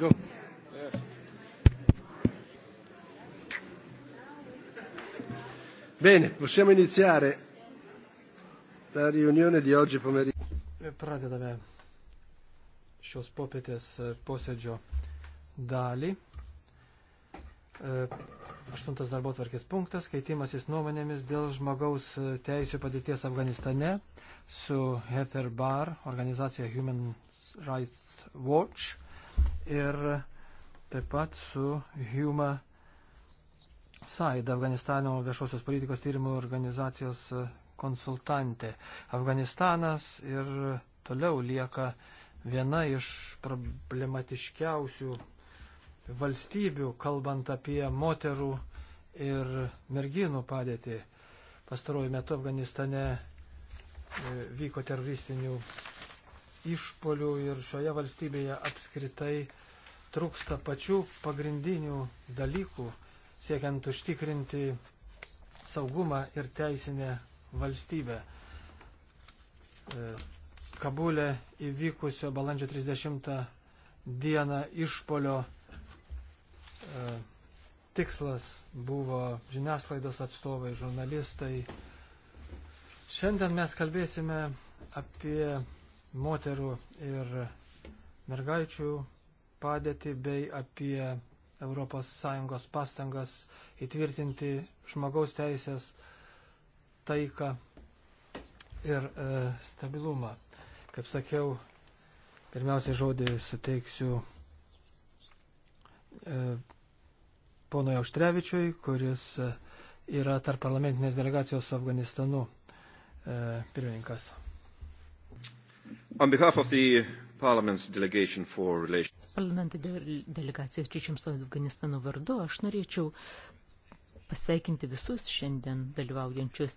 Go. Yeah. Bene, possiamo iniziare la riunione di oggi pomeriggio. Pradedame šios popietės e, posėdžio dalį. E, aštuntas darbo tvarkės punktas - keitimasis nuomonėmis dėl žmogaus e, teisų padėties Afganistane su Heather Bar, organizacija Human Rights Watch ir taip pat su Huma Said, Afganistano viešosios politikos tyrimų organizacijos konsultantė. Afganistanas ir toliau lieka viena iš problematiškiausių valstybių, kalbant apie moterų ir merginų padėtį. Pastaruoju metu Afganistane e, vyko teroristinių išpolių ir šioje valstybėje apskritai trūksta pačių pagrindinių dalykų, siekiant užtikrinti saugumą ir teisinę valstybę. E, Kabulė įvykusio balandžio 30 dieną išpolio e, tikslas buvo žiniasklaidos atstovai, žurnalistai. Šiandien mes kalbėsime apie moterų ir mergaičių padėtį bei apie ES pastangas įtvirtinti žmogaus teisės taiką ir e, stabilumą. Kaip sakiau, pirmiausiai žodį suteiksiu e, ponui Auštrevičiui, kuris yra tarp parlamentinės delegacijos su Afganistanu e, pirmininkas. On behalf of the Parliament's delegation for relations. Parlamento de delegacijos ryšiams su Afganistanu vardu aš norėčiau pasveikinti visus šiandien dalyvaujančius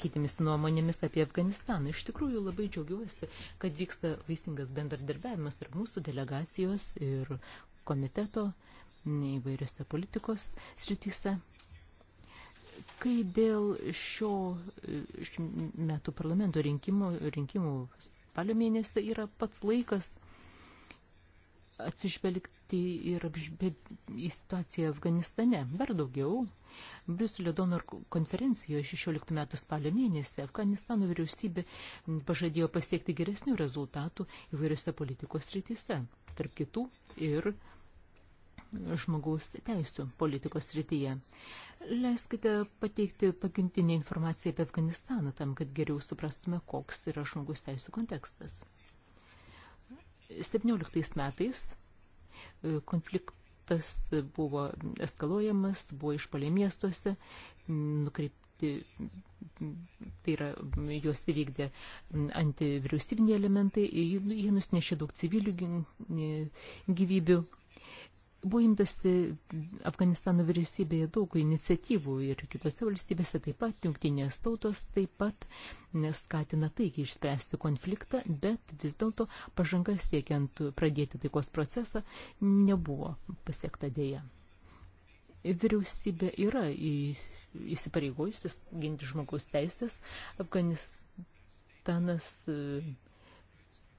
keitimis nuomonėmis apie Afganistaną. Iš tikrųjų labai džiaugiuosi, kad vyksta vaisingas bendradarbiavimas tarp mūsų delegacijos ir komiteto įvairiose politikos srityse. Kai dėl šio metų parlamento rinkimų, rinkimų spalio mėnesį yra pats laikas atsižvelgti ir į situaciją Afganistane. Dar daugiau, Briuselio donor konferencijoje 16 metų spalio mėnesį Afganistano vyriausybė pažadėjo pasiekti geresnių rezultatų įvairiose politikos rytise, tarp kitų ir žmogaus teisų politikos rytyje. Leiskite pateikti pagrindinę informaciją apie Afganistaną tam, kad geriau suprastume, koks yra žmogus teisų kontekstas. 17 metais e, konfliktas buvo eskaluojamas, buvo išpalė miestuose, nukreipti, tai yra, juos įvykdė antivyriausybiniai elementai, jie nusinešė daug civilių gyvybių Buvo imtasi Afganistano vyriausybėje daug iniciatyvų ir kitose valstybėse taip pat, jungtinės tautos taip pat skatina taikiai išspręsti konfliktą, bet vis dėlto pažanga siekiant pradėti taikos procesą nebuvo pasiekta dėja. Vyriausybė yra įsipareigojusi ginti žmogaus teisės, Afganistanas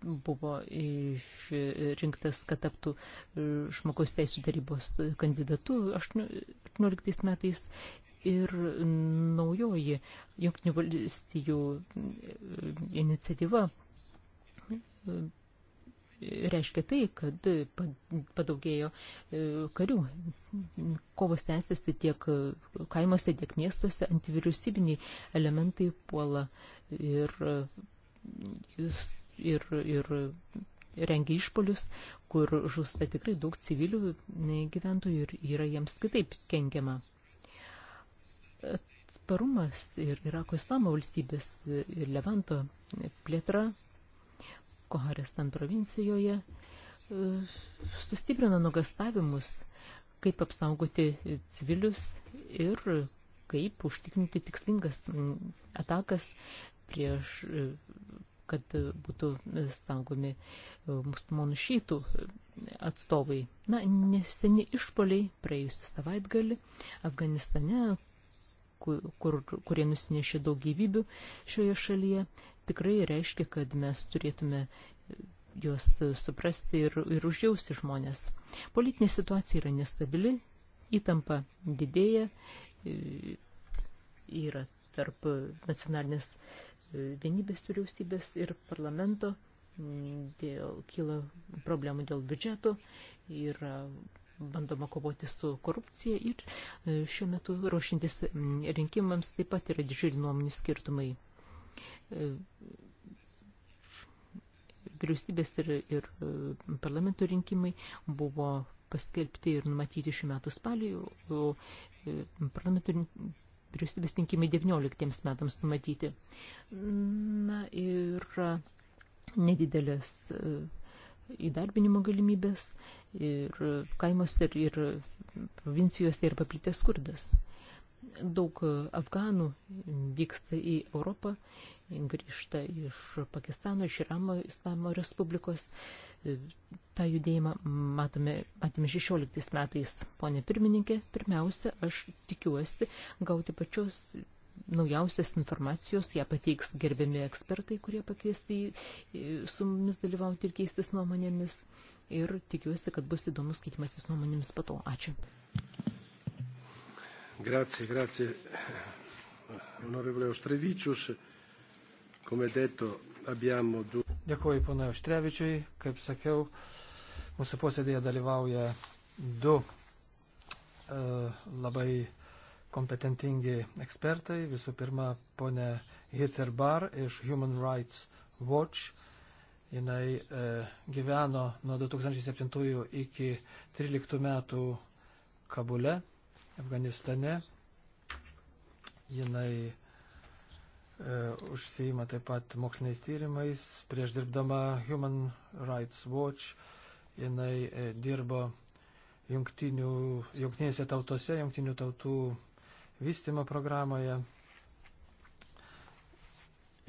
buvo išrinktas, kad taptų e, žmogaus teisų darybos kandidatu 18 metais ir naujoji Junktinių valstijų e, iniciatyva e, reiškia tai, kad padaugėjo karių. Kovos tęsiasi tiek kaimuose, tiek miestuose, antivyriausybiniai elementai puola ir ir, ir rengia išpolius, kur žūsta tikrai daug civilių gyventojų ir yra jiems kitaip kenkiama. Atsparumas ir Irako islamo valstybės ir Levanto plėtra Koharestan provincijoje e, sustiprino nugastavimus, kaip apsaugoti civilius ir kaip užtikrinti tikslingas atakas prieš kad būtų stangomi e, musulmonų šytų atstovai. Na, neseni išpoliai praėjusį savaitgalį Afganistane, kur, kur, kurie nusinešė daug gyvybių šioje šalyje, tikrai reiškia, kad mes turėtume juos suprasti ir, ir užjausti žmonės. Politinė situacija yra nestabili, įtampa didėja, e, yra tarp nacionalinės vienybės vyriausybės ir parlamento, mm, dėl, kyla problemų dėl biudžeto ir bandoma kovoti su korupcija ir e, šiuo metu ruošintis mm, rinkimams taip pat yra didžiuliai nuomonių skirtumai. E, vyriausybės ir, ir e, parlamento rinkimai buvo paskelbti ir numatyti šių metų spalį, o parlamento rinkimai vyriausybės rinkimai 19 metams numatyti. Na ir e, nedidelės e, įdarbinimo galimybės ir kaimuose ir, ir provincijose ir paplitęs skurdas. Daug afganų vyksta į Europą, grįžta iš Pakistano, iš Iramo, Islamo Respublikos, tą judėjimą matome, matėme 16 metais, ponė pirmininkė. Pirmiausia, aš tikiuosi gauti pačios naujausios informacijos, ją pateiks gerbiami ekspertai, kurie pakviesti su mumis dalyvauti ir keistis nuomonėmis. Ir tikiuosi, kad bus įdomus keitimasis nuomonėmis pato. Ačiū. Grazie, grazie. Onorevole Ostrevičius, come detto, abbiamo du... Dėkuoju ponui Užtrevičiui. Kaip sakiau, mūsų posėdėje dalyvauja du e, labai kompetentingi ekspertai. Visų pirma, ponė Hither Bar iš Human Rights Watch. Jinai e, gyveno nuo 2007 iki 2013 metų Kabule, Afganistane. Jinai E, užsijima taip pat moksliniais tyrimais. Prieš dirbdama Human Rights Watch jinai e, dirbo jungtinių, jungtinėse tautose, jungtinių tautų vystimo programoje.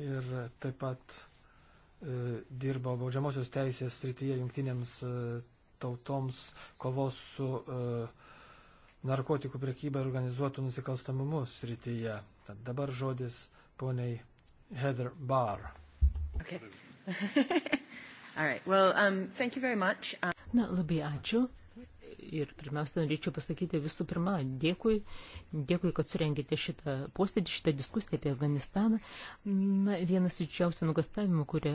Ir taip pat e, dirbo baudžiamosios teisės srityje jungtinėms e, tautoms kovos su e, narkotikų prekyba ir organizuotų nusikalstamumu srityje. Tad dabar žodis poniai Heather Barr. Okay. right. well, um, um... Na, labai ačiū. Ir pirmiausia, norėčiau pasakyti visų pirma, dėkui, dėkui, kad surengėte šitą posėdį, šitą diskusiją apie Afganistaną. Na, vienas iš didžiausių nugastavimų, kurie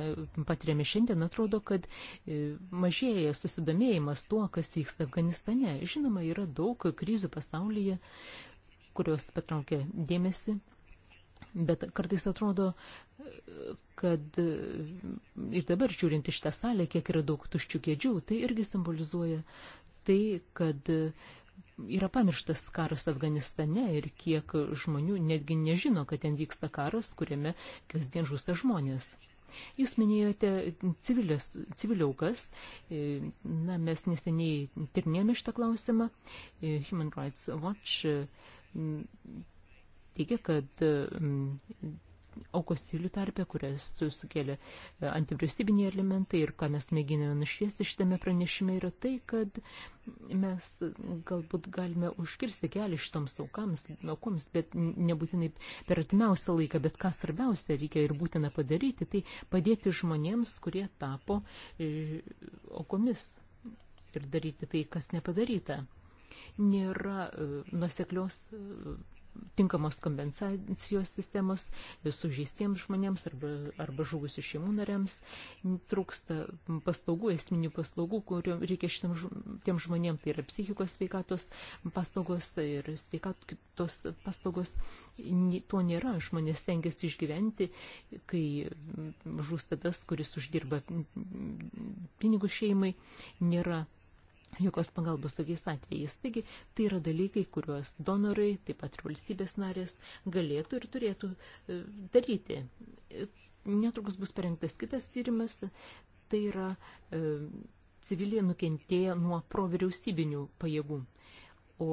patiriame šiandien, atrodo, kad e, mažėja susidomėjimas tuo, kas vyksta Afganistane. Žinoma, yra daug krizių pasaulyje, kurios patraukia dėmesį Bet kartais atrodo, kad ir dabar žiūrint iš tą salę, kiek yra daug tuščių kėdžių, tai irgi simbolizuoja tai, kad yra pamirštas karas Afganistane ir kiek žmonių netgi nežino, kad ten vyksta karas, kuriame kasdien žūsta žmonės. Jūs minėjote civilės, civiliaukas, na, mes neseniai tirnėjome šitą klausimą, Human Rights Watch teigia, kad mm, aukos civilių tarpė, kurias sukėlė e, antivyriausybiniai elementai ir ką mes mėginame nušviesti šitame pranešime, yra tai, kad mes galbūt galime užkirsti kelią šitoms aukams, aukoms, bet nebūtinai per artimiausią laiką, bet ką svarbiausia reikia ir būtina padaryti, tai padėti žmonėms, kurie tapo e, aukomis ir daryti tai, kas nepadaryta. Nėra e, nuseklios tinkamos kompensacijos sistemos sužeistiems žmonėms arba, arba žuvusių šeimų nariams, trūksta paslaugų, esminių paslaugų, kuriuo reikia šitiem tiem žmonėm, tai yra psichikos sveikatos paslaugos ir sveikatos paslaugos, to nėra, žmonės tengiasi išgyventi, kai žūsta tas, kuris uždirba pinigų šeimai, nėra jokios pagalbos tokiais atvejais. Taigi tai yra dalykai, kuriuos donorai, taip pat ir valstybės narės galėtų ir turėtų e, daryti. Netrukus bus parengtas kitas tyrimas, tai yra e, civiliai nukentėję nuo provyriausybinių pajėgų. O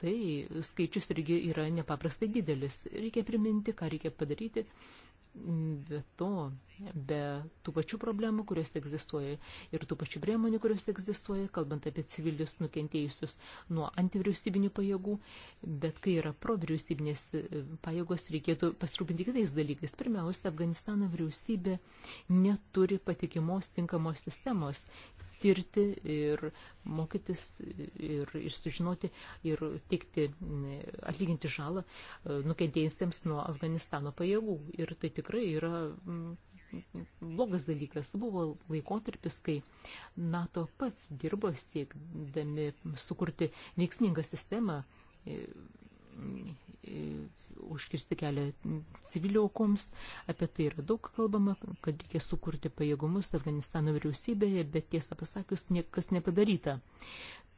tai skaičius irgi yra nepaprastai didelis. Reikia priminti, ką reikia padaryti, be to, be tų pačių problemų, kurios egzistuoja ir tų pačių priemonių, kurios egzistuoja, kalbant apie civilius nukentėjusius nuo antivyriausybinių pajėgų, bet kai yra provyriausybinės e, pajėgos, reikėtų pasirūpinti kitais dalykais. Pirmiausia, Afganistano vyriausybė neturi patikimos tinkamos sistemos tirti ir mokytis ir, ir sužinoti ir teikti, atlyginti žalą e, nukentėjusiems nuo Afganistano pajėgų. Ir tai tikrai yra blogas dalykas. Buvo laikotarpis, kai NATO pats dirbo siekdami sukurti veiksmingą sistemą e, e, užkirsti kelią civilių aukoms. Apie tai yra daug kalbama, kad reikia sukurti pajėgumus Afganistano vyriausybėje, bet tiesą pasakius, niekas nepadaryta.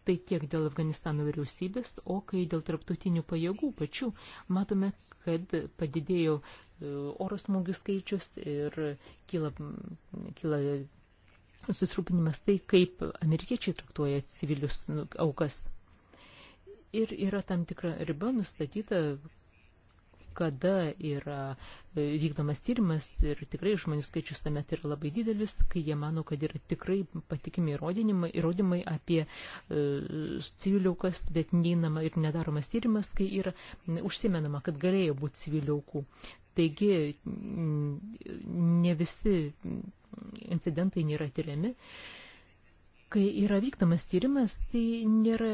Tai tiek dėl Afganistano vyriausybės, o kai dėl traptautinių pajėgų pačių, matome, kad padidėjo e, oro smūgių skaičius ir kyla, kyla susirūpinimas tai, kaip amerikiečiai traktuoja civilius nu, aukas. Ir yra tam tikra riba nustatyta, kada yra e, vykdomas tyrimas ir tikrai žmonių skaičius tame tai yra labai didelis, kai jie mano, kad yra tikrai patikimi įrodymai, įrodymai apie e, civiliaukas, bet neįnama ir nedaromas tyrimas, kai yra užsimenama, kad galėjo būti civiliaukų. Taigi ne visi incidentai nėra tyriami. E, Kai yra vykdomas tyrimas, tai nėra,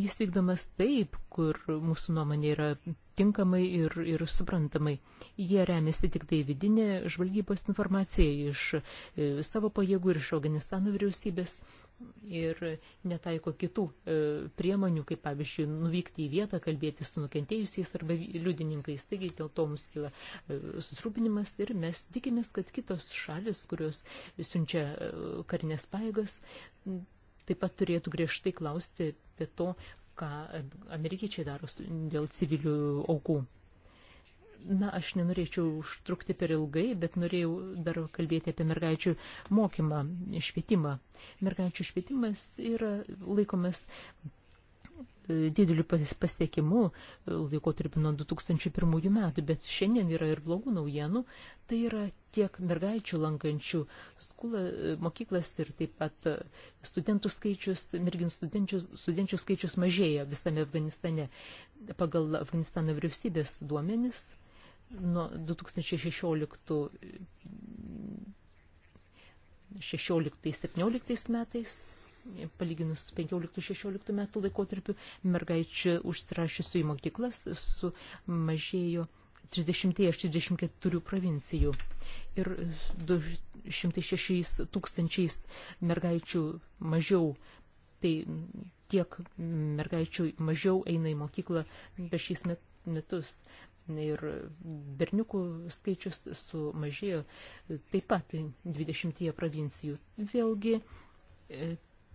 jis vykdomas taip, kur mūsų nuomonė yra tinkamai ir, ir suprantamai. Jie remiasi tik tai vidinė žvalgybos informacija iš e, savo pajėgų ir iš Afganistano vyriausybės ir netaiko kitų e, priemonių, kaip pavyzdžiui, nuvykti į vietą, kalbėti su nukentėjusiais arba liudininkais. Taigi dėl to mums kyla e, susirūpinimas ir mes tikimės, kad kitos šalis, kurios siunčia e, karinės paėgas, taip pat turėtų griežtai klausti apie to, ką amerikiečiai daro dėl civilių aukų. Na, aš nenorėčiau užtrukti per ilgai, bet norėjau dar kalbėti apie mergaičių mokymą, švietimą. Mergaičių švietimas yra laikomas e, dideliu pasiekimu e, laikotarpiu nuo 2001 metų, bet šiandien yra ir blogų naujienų. Tai yra tiek mergaičių lankančių skulą, e, mokyklas ir taip pat studentų skaičius, merginų studenčių, studenčių skaičius mažėja visame Afganistane. Pagal Afganistano vyriausybės duomenis nuo 2016-2017 metais palyginus 15-16 metų laikotarpiu, mergaičių užsirašysių į mokyklas sumažėjo 30 iš 34 provincijų ir 206 tūkstančiais mergaičių mažiau. Tai tiek mergaičių mažiau eina į mokyklą be šiais metus ir berniukų skaičius sumažėjo taip pat 20 provincijų. Vėlgi, e,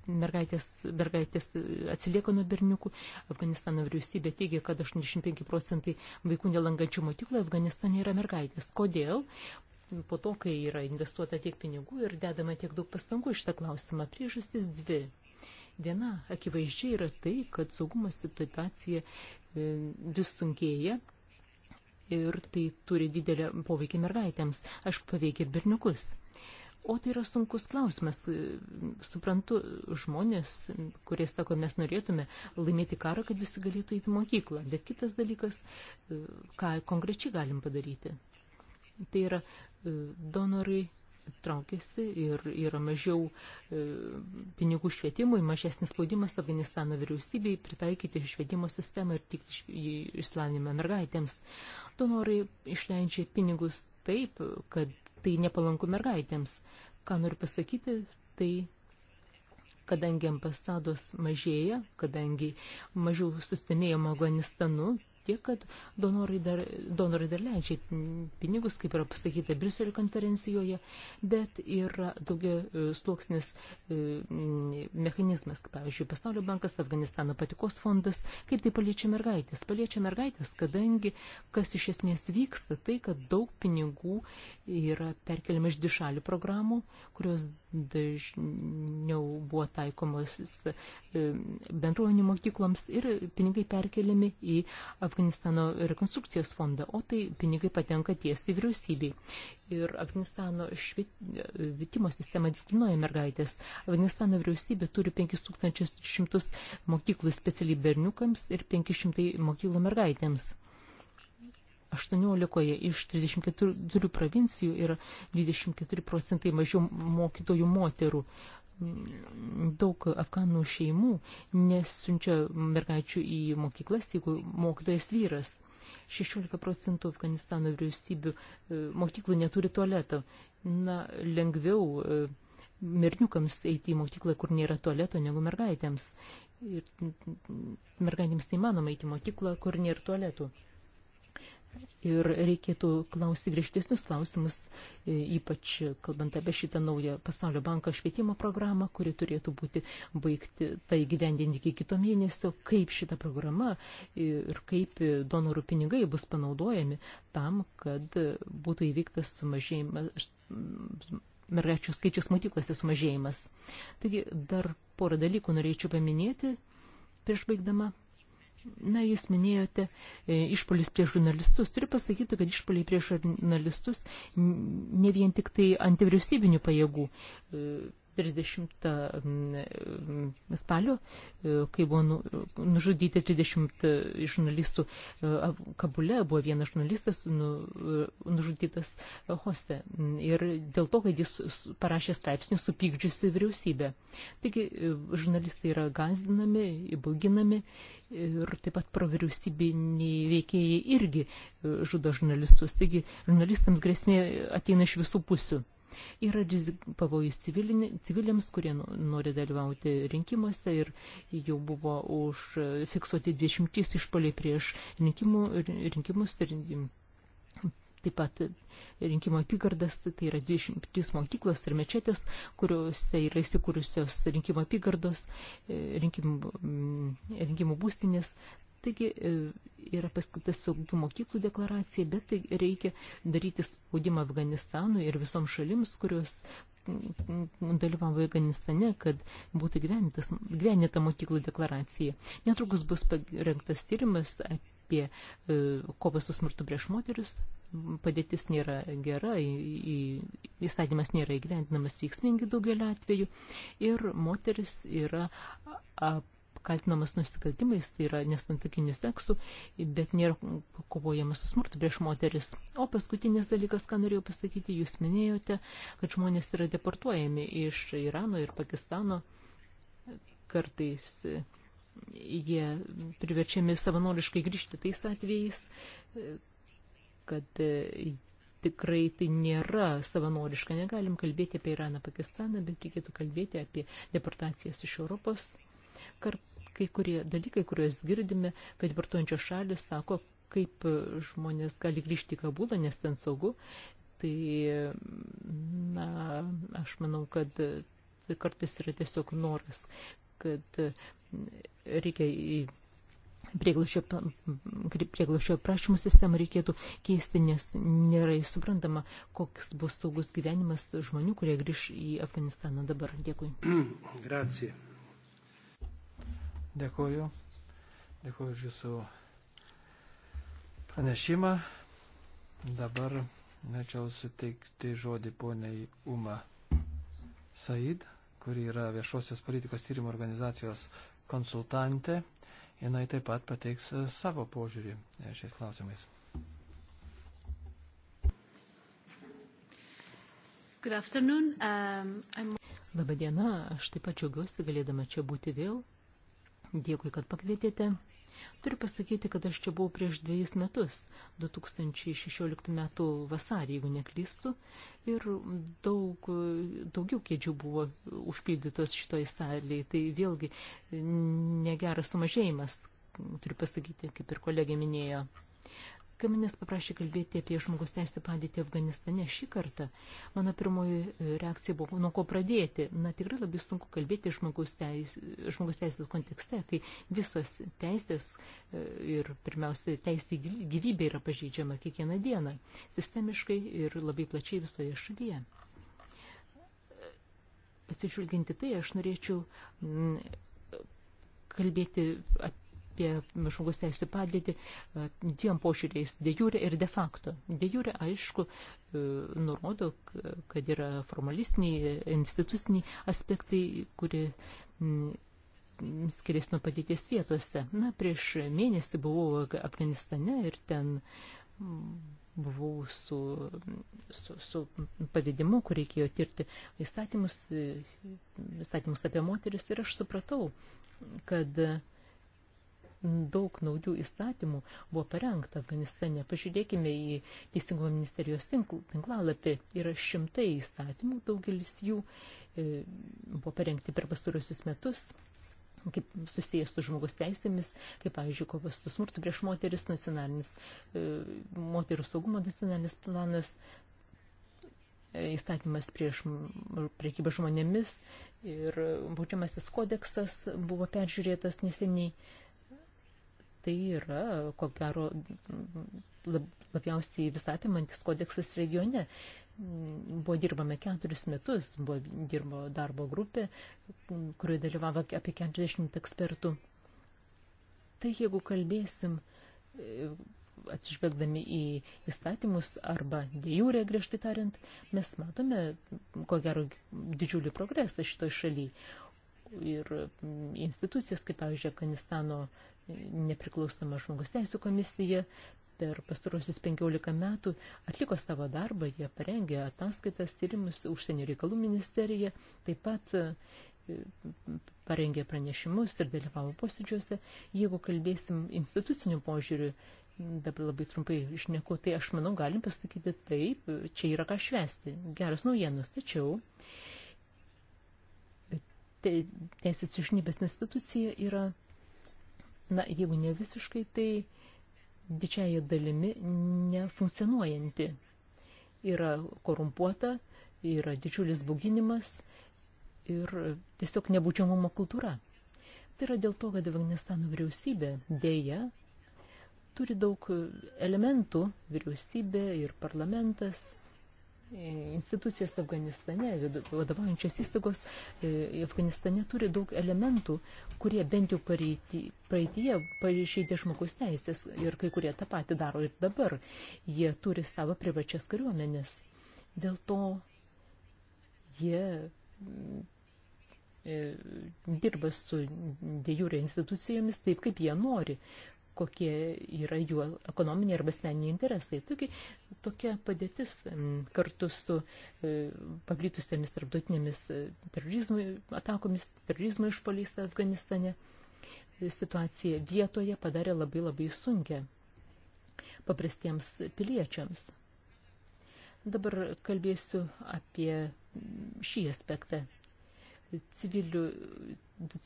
mergaitės, mergaitės atsilieka nuo berniukų. Afganistano vyriausybė teigia, kad 85 procentai vaikų nelankančių mokykloje Afganistane yra mergaitės. Kodėl? Po to, kai yra investuota tiek pinigų ir dedama tiek daug pastangų iš tą klausimą, priežastis dvi. Viena akivaizdžiai yra tai, kad saugumo situacija e, vis sunkėja ir tai turi didelę poveikį mergaitėms, aišku, paveikia ir berniukus. O tai yra sunkus klausimas. Suprantu žmonės, kurie sako, mes norėtume laimėti karą, kad visi galėtų įti mokyklą. Bet kitas dalykas, ką konkrečiai galim padaryti. Tai yra e, donorai traukiasi ir yra mažiau e, pinigų švietimui, mažesnis spaudimas Afganistano vyriausybei pritaikyti švietimo sistemą ir tik išslavinimą mergaitėms. Donorai išleidžia pinigus taip, kad tai nepalanku mergaitėms. Ką noriu pasakyti, tai kadangi ambasados mažėja, kadangi mažiau sustinėjama Afganistanu, tiek, kad donorai dar, donorai dar leidžia pinigus, kaip yra pasakyta Briuselio konferencijoje, bet yra daugia e, sluoksnis e, mechanizmas, pavyzdžiui, Pasaulio bankas, Afganistano patikos fondas, kaip tai paliečia mergaitės. Paliečia mergaitės, kadangi kas iš esmės vyksta, tai, kad daug pinigų yra perkeliama iš dišalių programų, kurios dažniau buvo taikomos e, bendruomenių mokykloms ir pinigai perkeliami į Afganistaną Afganistano rekonstrukcijos fondą, o tai pinigai patenka tiesiai vyriausybei. Ir Afganistano švit... vitimo sistema diskriminuoja mergaitės. Afganistano vyriausybė turi 5300 mokyklų specialiai berniukams ir 500 mokyklų mergaitėms. 18 iš 34 provincijų yra 24 procentai mažiau mokytojų moterų daug afganų šeimų nesunčia mergaičių į mokyklas, jeigu mokytojas vyras. 16 procentų Afganistano vyriausybių e, mokyklų neturi tualeto. Na, lengviau e, merniukams eiti į mokyklą, kur nėra tualeto, negu mergaitėms. Ir mergaitėms neįmanoma eiti į mokyklą, kur nėra tualetų ir reikėtų klausti griežtesnius klausimus, e, ypač kalbant apie šitą naują pasaulio banko švietimo programą, kuri turėtų būti baigti tai gyvendinti iki kito mėnesio, kaip šita programa ir kaip donorų pinigai bus panaudojami tam, kad būtų įvyktas sumažėjimas mergaičių skaičius mokyklose sumažėjimas. Taigi dar porą dalykų norėčiau paminėti prieš baigdama. Na, jūs minėjote e, išpolis prieš žurnalistus. Turiu pasakyti, kad išpoliai prieš žurnalistus ne vien tik tai antivyriausybinių pajėgų e, 30 mm, spalio, e, kai buvo nu, nužudyti 30 e, žurnalistų e, Kabule, buvo vienas žurnalistas nu, nužudytas hoste. Ir dėl to, kad jis parašė straipsnį supykdžiusi vyriausybę. Taigi žurnalistai yra gazdinami, įbauginami ir taip pat provyriausybiniai veikėjai irgi žudo žurnalistus. Taigi žurnalistams grėsmė ateina iš visų pusių. Yra pavojus civiliams, kurie nori dalyvauti rinkimuose ir jau buvo užfiksuoti 20 išpoliai prieš rinkimų, rinkimus. Ir, taip pat rinkimo apygardas, tai yra 23 mokyklos ir mečetės, kuriuose yra įsikūrusios rinkimo apygardos, e, rinkimų, mm, rinkimų būstinės, Taigi e, yra paskata saugių mokyklų deklaracija, bet tai reikia daryti spaudimą Afganistanui ir visoms šalims, kurios dalyvavo Afganistane, kad būtų gyvenita mokyklų deklaracija. Netrukus bus parengtas tyrimas apie e, kovą su smurtu prieš moteris. Padėtis nėra gera, įstatymas nėra įgyvendinamas veiksmingai daugeliu atveju ir moteris yra ap kaltinamas nusikaltimais, tai yra nesantokiniu seksu, bet nėra kovojama su smurtu prieš moteris. O paskutinis dalykas, ką norėjau pasakyti, jūs minėjote, kad žmonės yra deportuojami iš Irano ir Pakistano kartais e, jie priverčiami savanoriškai grįžti tais atvejais, e, kad e, tikrai tai nėra savanoriška. Negalim kalbėti apie Iraną, Pakistaną, bet reikėtų kalbėti apie deportacijas iš Europos. Kart kai kurie dalykai, kuriuos girdime, kad vartojančios šalis sako, kaip žmonės gali grįžti į Kabulą, nes ten saugu. Tai, na, aš manau, kad tai kartais yra tiesiog noras, kad reikia į prieglašio prašymų sistemą reikėtų keisti, nes nėra įsuprantama, koks bus saugus gyvenimas žmonių, kurie grįž į Afganistaną dabar. Dėkui. Grazie. Dėkuoju. Dėkuoju už Jūsų pranešimą. Dabar norėčiau suteikti žodį poniai Uma Said, kuri yra viešosios politikos tyrimo organizacijos konsultantė. Jinai taip pat pateiks savo požiūrį šiais klausimais. Good afternoon. Um, I'm... Labadiena, aš taip pat džiaugiuosi galėdama čia būti vėl Dėkui, kad pakvietėte. Turiu pasakyti, kad aš čia buvau prieš dviejus metus, 2016 metų vasarį, jeigu neklystu, ir daug, daugiau kėdžių buvo užpildytos šitoj salėje. Tai vėlgi negeras sumažėjimas, turiu pasakyti, kaip ir kolegė minėjo. Kai manęs paprašė kalbėti apie žmogus teisų padėtį Afganistane šį kartą, mano pirmoji e, reakcija buvo, nuo ko pradėti. Na, tikrai labai sunku kalbėti žmogus, teis, žmogus teisės kontekste, kai visos teisės e, ir pirmiausia teisė gyvybė yra pažeidžiama kiekvieną dieną, sistemiškai ir labai plačiai visoje šalyje. Atsižvelginti tai, aš norėčiau kalbėti apie apie žmogus teisų padėtį e, dviem požiūrės - de jure ir de facto. De jure, aišku, e, nurodo, kad yra formalistiniai, instituciniai aspektai, kurie mm, skiriasi nuo padėties vietose. Na, prieš mėnesį buvau Afganistane ir ten mm, buvau su, su, su pavedimu, kur reikėjo tirti įstatymus, e, įstatymus apie moteris ir aš supratau, kad daug naujų įstatymų buvo parengta Afganistane. Pažiūrėkime į Teisingumo ministerijos tinklalapį. Yra šimtai įstatymų, daugelis jų e, buvo parengti per pastarosius metus kaip susijęs su žmogus teisėmis, kaip, pavyzdžiui, kovas su smurtu prieš moteris, nacionalinis e, moterų saugumo nacionalinis planas, e, įstatymas prieš priekybą žmonėmis ir būčiamasis kodeksas buvo peržiūrėtas neseniai. E, tai yra, ko gero, lab, labiausiai visapimantis kodeksas regione. Buvo dirbame keturis metus, buvo dirbo darbo grupė, kurioje dalyvavo apie 40 ekspertų. Tai jeigu kalbėsim e, atsižvelgdami į įstatymus arba dėjūrę, griežtai tariant, mes matome, ko gero, didžiulį progresą šitoj šalyje. Ir institucijos, kaip pavyzdžiui, Afganistano nepriklausoma žmogus teisų komisija per pastarosius 15 metų atliko savo darbą, jie parengė ataskaitas tyrimus užsienio reikalų ministerija, taip pat e, parengė pranešimus ir dalyvavo posėdžiuose. Jeigu kalbėsim institucinių požiūrių, dabar labai trumpai išneku, tai aš manau, galim pasakyti taip, čia yra ką švesti. Geras naujienos, tačiau teisės išnybės institucija yra na, jeigu ne visiškai, tai didžiaja dalimi nefunkcionuojanti. Yra korumpuota, yra didžiulis buginimas ir tiesiog nebūčiamumo kultūra. Tai yra dėl to, kad Afganistano vyriausybė dėja turi daug elementų, vyriausybė ir parlamentas, institucijos Afganistane, vadovaujančios įstaigos e, Afganistane turi daug elementų, kurie bent jau praeitie pažeidė žmogus teisės ir kai kurie tą patį daro ir dabar. Jie turi savo privačias kariuomenės. Dėl to jie e, dirba su dėjūrė institucijomis taip, kaip jie nori kokie yra jų ekonominiai arba asmeniniai interesai. Tokia, tokia padėtis kartu su e, paplitusiamis tarptautinėmis e, terorizmo atakomis, terorizmo išpoliais Afganistane e, situacija vietoje padarė labai labai sunkę paprastiems piliečiams. Dabar kalbėsiu apie šį aspektą civilių,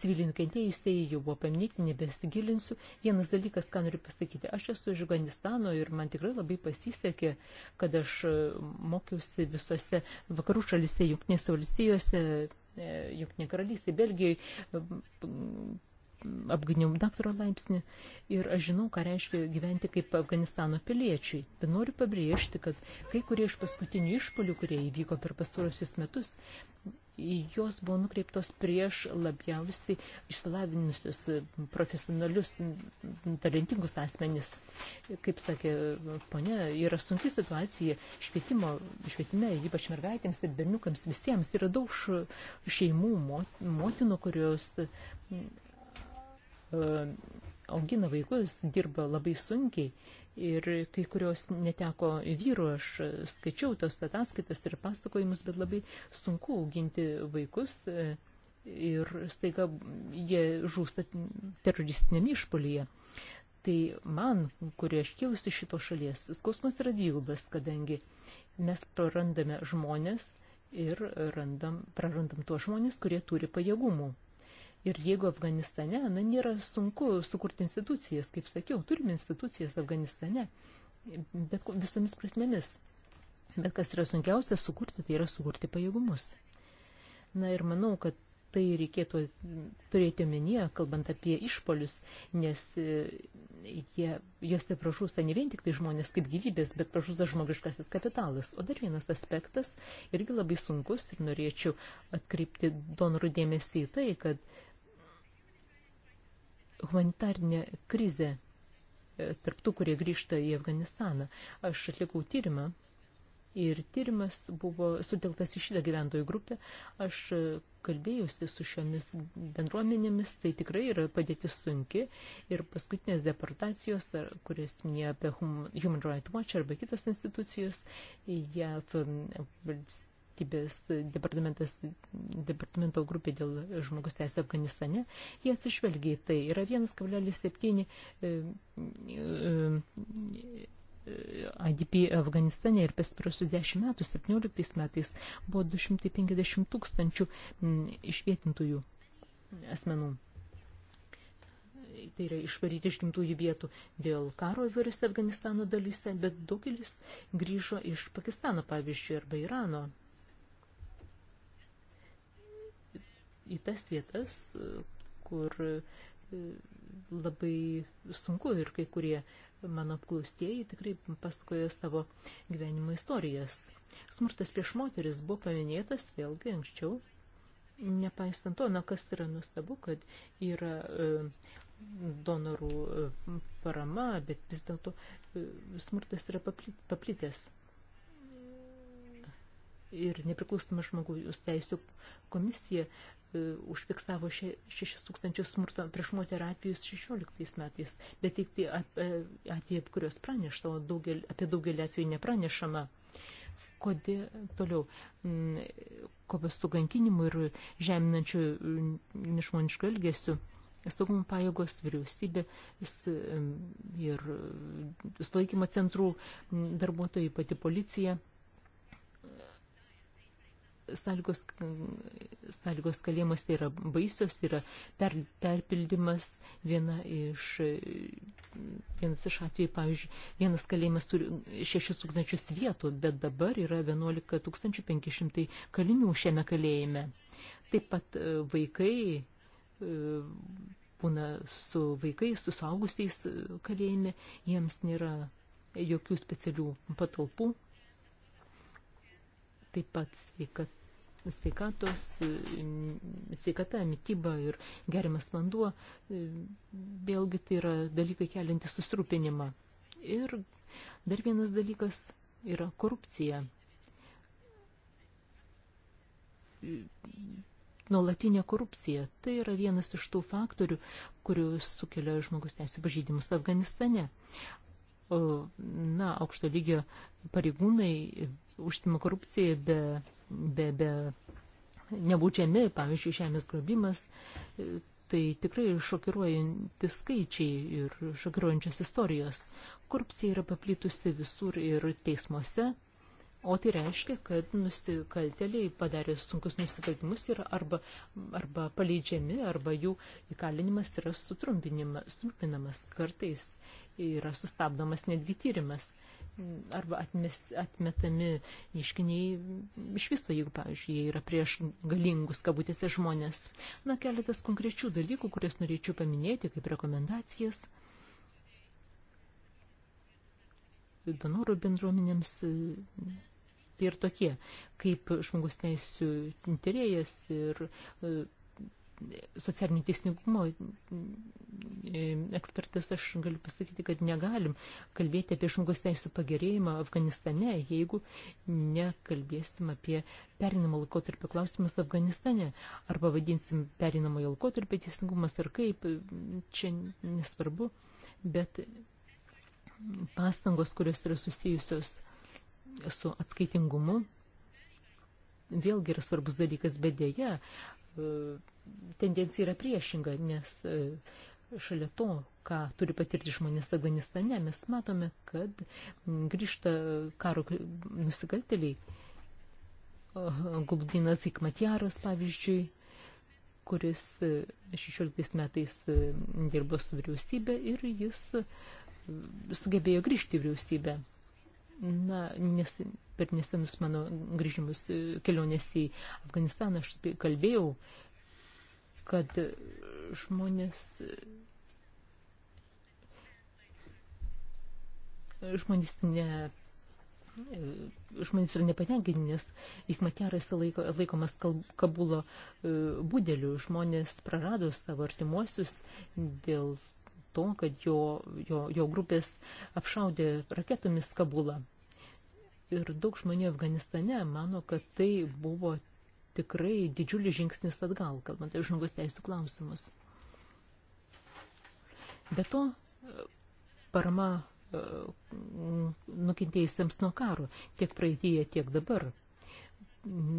civilių nukentėjusiai jau buvo paminėti, nebesigilinsiu. Vienas dalykas, ką noriu pasakyti, aš esu iš Afganistano ir man tikrai labai pasisekė, kad aš e, mokiausi visose vakarų šalise, jungtinėse valstijose, e, jungtinė karalystė, Belgijoje e, apgyniau daktaro laipsnį ir aš žinau, ką reiškia gyventi kaip Afganistano piliečiai. Bet noriu pabrėžti, kad kai kurie iš paskutinių išpolių, kurie įvyko per pastarosius metus, jos buvo nukreiptos prieš labiausiai išsilavinusius profesionalius, talentingus asmenis. Kaip sakė ponia, yra sunki situacija švietimo, švietime, ypač mergaitėms ir berniukams visiems. Yra daug šeimų, motinų, kurios augina vaikus, dirba labai sunkiai. Ir kai kurios neteko vyrų, aš skaičiau tos ataskaitas ir pasakojimus, bet labai sunku auginti vaikus e, ir staiga jie žūsta teroristinėme išpolyje. Tai man, kurie aš kilusi šito šalies, skausmas yra dvigubas, kadangi mes prarandame žmonės ir randam, prarandam tuos žmonės, kurie turi pajėgumų. Ir jeigu Afganistane, na, nėra sunku sukurti institucijas, kaip sakiau, turime institucijas Afganistane, bet visomis prasmėmis. Bet kas yra sunkiausia sukurti, tai yra sukurti pajėgumus. Na ir manau, kad tai reikėtų turėti omenyje, kalbant apie išpolius, nes e, jie, juose pražūsta ne vien tik tai žmonės kaip gyvybės, bet pražūsta žmogiškasis kapitalas. O dar vienas aspektas, irgi labai sunkus ir norėčiau atkreipti donorų dėmesį į tai, kad humanitarnė krizė e, tarptų, kurie grįžta į Afganistaną. Aš atlikau tyrimą ir tyrimas buvo sutelktas į šitą gyventojų grupę. Aš kalbėjusi su šiomis bendruomenėmis, tai tikrai yra padėtis sunki ir paskutinės deportacijos, kurias minėjo apie Human Rights Watch arba kitos institucijos, JAV valstybės departamentas, departamento grupė dėl žmogus teisų Afganistane, jie atsižvelgia į tai. Yra 1,7 IDP e, e, e, Afganistane ir pastarosius 10 metų, 17 metais buvo 250 tūkstančių išvietintųjų asmenų tai yra išvaryti iš gimtųjų vietų dėl karo įvairiose Afganistano dalyse, bet daugelis grįžo iš Pakistano, pavyzdžiui, arba Irano. į tas vietas, kur e, labai sunku ir kai kurie mano apklaustieji tikrai pasakoja savo gyvenimo istorijas. Smurtas prieš moteris buvo paminėtas vėlgi anksčiau, nepaisant to, na kas yra nustabu, kad yra e, donorų e, parama, bet vis dėlto smurtas yra paplitęs. Ir nepriklausoma žmogus teisų komisija E, užfiksavo 6 tūkstančius smurto prieš moterį atvejus 16 metais, bet tik tai atvejai, kurios pranešta, o daugel, apie daugelį atvejų nepranešama. Kodėl toliau? Kovas su kankinimu ir žeminančiu nešmonišku elgesiu. Stokholmo pajėgos vyriausybė ir sulaikymo centrų darbuotojai pati policija sąlygos, sąlygos kalėjimuose yra baisios, yra per, perpildymas. Viena iš, vienas iš atvejų, pavyzdžiui, vienas kalėjimas turi 6 tūkstančius vietų, bet dabar yra 11 500 kalinių šiame kalėjime. Taip pat e, vaikai e, būna su vaikais, su saugusiais e, kalėjime, jiems nėra jokių specialių patalpų, taip pat sveikata sveikatos, sveikata, mytyba ir gerimas vanduo, vėlgi tai yra dalykai keliantys susirūpinimą. Ir dar vienas dalykas yra korupcija. Nuolatinė korupcija – tai yra vienas iš tų faktorių, kuriuos sukelia žmogus teisų pažydimus Afganistane. O, na, aukšto lygio pareigūnai užsima korupciją be be, be nebūčiami, pavyzdžiui, žemės grobimas, e, tai tikrai šokiruojanti skaičiai ir šokiruojančios istorijos. Korupcija yra paplitusi visur ir teismuose, o tai reiškia, kad nusikalteliai padarė sunkus nusikaltimus yra arba, arba paleidžiami, arba jų įkalinimas yra sutrumpinamas, kartais yra sustabdomas netgi tyrimas arba atmes, atmetami ieškiniai iš viso, jeigu, pavyzdžiui, jie yra prieš galingus kabutėse žmonės. Na, keletas konkrečių dalykų, kurias norėčiau paminėti kaip rekomendacijas. Donorų bendruomenėms tai ir tokie, kaip žmogus teisų interėjas ir e, socialinio teisingumo e, ekspertas, aš galiu pasakyti, kad negalim kalbėti apie žmogaus teisų pagerėjimą Afganistane, jeigu nekalbėsim apie perinamą laikotarpį klausimus Afganistane. Ar pavadinsim perinamojo laikotarpį teisingumas ar kaip, čia nesvarbu, bet pastangos, kurios yra susijusios su atskaitingumu, vėlgi yra svarbus dalykas, bet dėja, tendencija yra priešinga, nes e, šalia to, ką turi patirti žmonės Afganistane, mes matome, kad grįžta karo nusikalteliai. Gubdinas Ikmatjaras, pavyzdžiui, kuris 16 e, metais e, dirbo su vyriausybė ir jis sugebėjo grįžti į vyriausybę. Na, nes, per nesenus mano grįžimus e, kelionės į Afganistaną aš kalbėjau, kad žmonės. Žmonės ne e, žmonės yra nepatenkinti, nes Ikmateras laiko, laikomas Kabulo e, būdeliu. Žmonės prarado savo artimuosius dėl to, kad jo, jo, jo grupės apšaudė raketomis Kabulą. Ir daug žmonių Afganistane mano, kad tai buvo tikrai didžiulis žingsnis atgal, kalbant apie žmogus teisų klausimus. Be to, parama e, nukentėjusiems nuo karo, tiek praeityje, tiek dabar.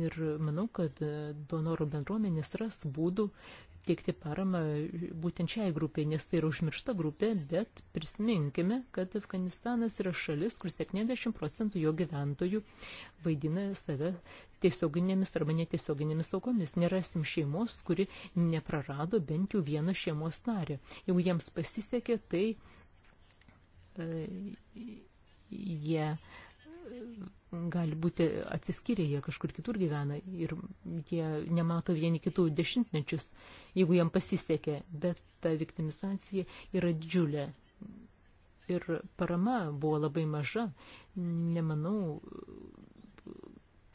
Ir manau, kad e, donorų bendruomenės ras būdų teikti paramą būtent šiai grupiai, nes tai yra užmiršta grupė, bet prisiminkime, kad Afganistanas yra šalis, kur 70 procentų jo gyventojų vaidina save tiesioginėmis arba netiesioginėmis aukomis. Nerasim šeimos, kuri neprarado bent jau vieną šeimos narį. Jeigu jiems pasisekė, tai e, jie. Yeah gali būti atsiskyrę, jie kažkur kitur gyvena ir jie nemato vieni kitų dešimtmečius, jeigu jam pasisekė, bet ta viktimizacija yra didžiulė. Ir parama buvo labai maža. Nemanau,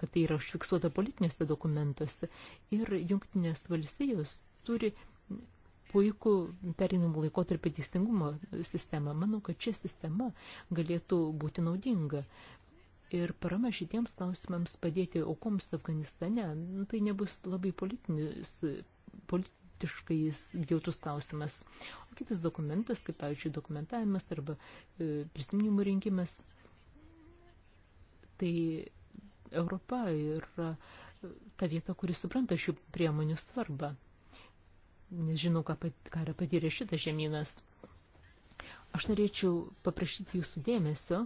kad tai yra užfiksuota politinėse dokumentuose. Ir jungtinės valstijos turi puikų perinamų laikotarpį teisingumo sistemą. Manau, kad čia sistema galėtų būti naudinga ir parama šitiems klausimams padėti aukoms Afganistane, nu, tai nebus labai politinis, politiškai jautrus klausimas. O kitas dokumentas, kaip pavyzdžiui, dokumentavimas arba e, prisiminimų rinkimas, tai Europa yra ta vieta, kuri supranta šių priemonių svarbą. Nežinau, ką, ką yra patyrę šitas žemynas. Aš norėčiau paprašyti jūsų dėmesio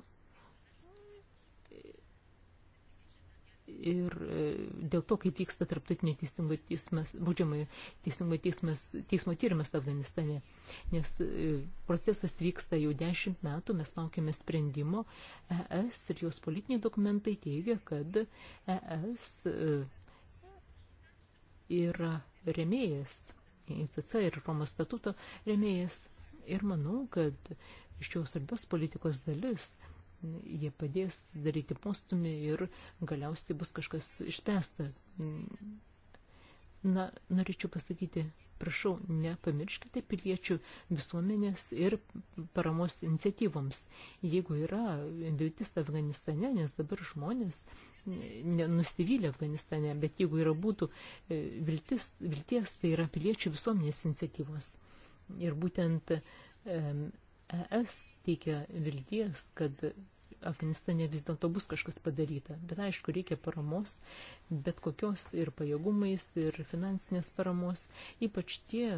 ir e, dėl to, kaip vyksta tarptautinio teisingo teismas, būdžiamojo teisingo teismas, teismo tyrimas Afganistane. Nes e, procesas vyksta jau dešimt metų, mes laukiame sprendimo. ES ir jos politiniai dokumentai teigia, kad ES e, yra remėjas, ICC ir Romos statuto remėjas. Ir manau, kad iš jau svarbios politikos dalis – jie padės daryti postumį ir galiausiai bus kažkas išspręsta. Na, norėčiau pasakyti, prašau, nepamirškite piliečių visuomenės ir paramos iniciatyvoms. Jeigu yra viltis Afganistane, nes dabar žmonės nusivylė Afganistane, bet jeigu yra būtų e, viltis, vilties, tai yra piliečių visuomenės iniciatyvos. Ir būtent ES teikia vilties, kad Afganistane vis dėlto bus kažkas padaryta. Bet aišku, reikia paramos, bet kokios ir pajėgumais, ir finansinės paramos, ypač tie,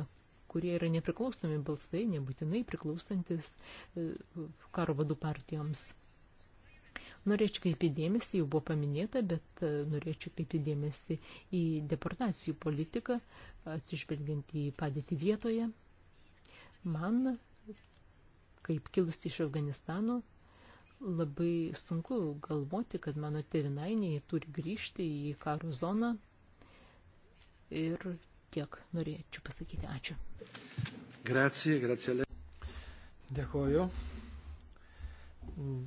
kurie yra nepriklausomi balsai, nebūtinai priklausantis e, karo vadų partijoms. Norėčiau kaip įdėmėsi, jau buvo paminėta, bet e, norėčiau kaip įdėmėsi į deportacijų politiką, atsižvelgiant į padėtį vietoje. Man kaip kilusi iš Afganistano, labai sunku galvoti, kad mano tevinainiai turi grįžti į karo zoną. Ir tiek norėčiau pasakyti. Ačiū. Gracija, gracija. Dėkoju.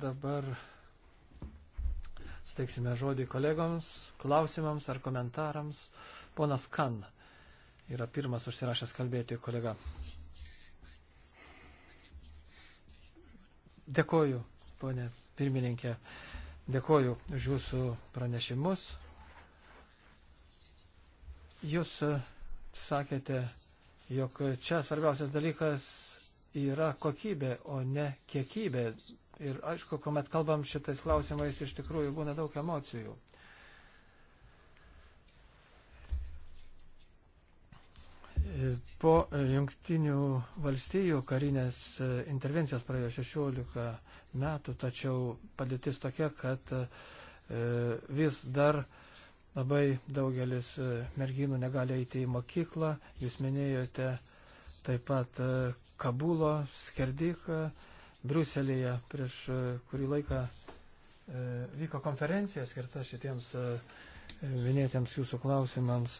Dabar suteiksime žodį kolegoms, klausimams ar komentarams. Ponas Kan yra pirmas užsirašęs kalbėti kolega. Dėkoju, ponė pirmininkė. Dėkoju už jūsų pranešimus. Jūs e, sakėte, jog čia svarbiausias dalykas yra kokybė, o ne kiekybė. Ir aišku, kuomet kalbam šitais klausimais, iš tikrųjų būna daug emocijų. Po jungtinių valstijų karinės e, intervencijos praėjo 16 metų, tačiau padėtis tokia, kad e, vis dar labai daugelis e, merginų negali eiti į mokyklą. Jūs minėjote taip pat Kabulo skerdiką. Briuselėje prieš kurį laiką vyko konferencija skirta šitiems minėtiems jūsų klausimams.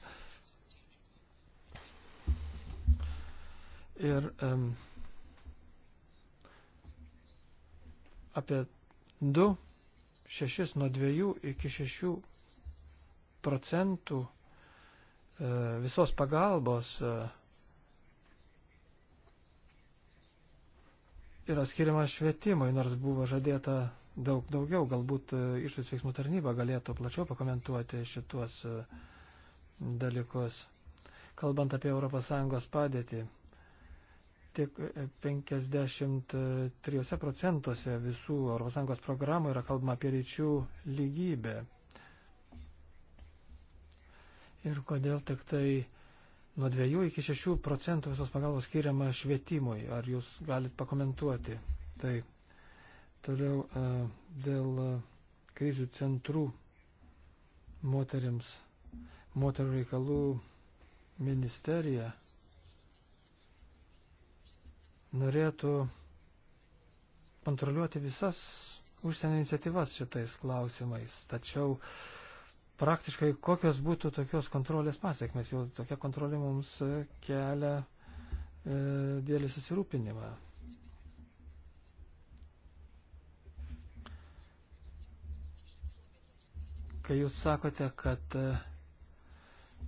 ir um, apie 2, 6 nuo 2 iki 6 procentų e, visos pagalbos e, yra skiriama švietimui, nors buvo žadėta daug daugiau. Galbūt e, išvis veiksmų tarnyba galėtų plačiau pakomentuoti šituos e, dalykus. Kalbant apie ES padėtį, tik 53 procentuose visų ES programų yra kalbama apie ryčių lygybę. Ir kodėl tik tai nuo 2 iki 6 procentų visos pagalbos skiriama švietimui? Ar jūs galite pakomentuoti? Tai toliau e, dėl e, krizių centrų moteriams, moterų reikalų ministerija norėtų kontroliuoti visas užsienio iniciatyvas šitais klausimais. Tačiau praktiškai kokios būtų tokios kontrolės pasiekmes, jau tokia kontrolė mums kelia e, dėlį susirūpinimą. Kai jūs sakote, kad e,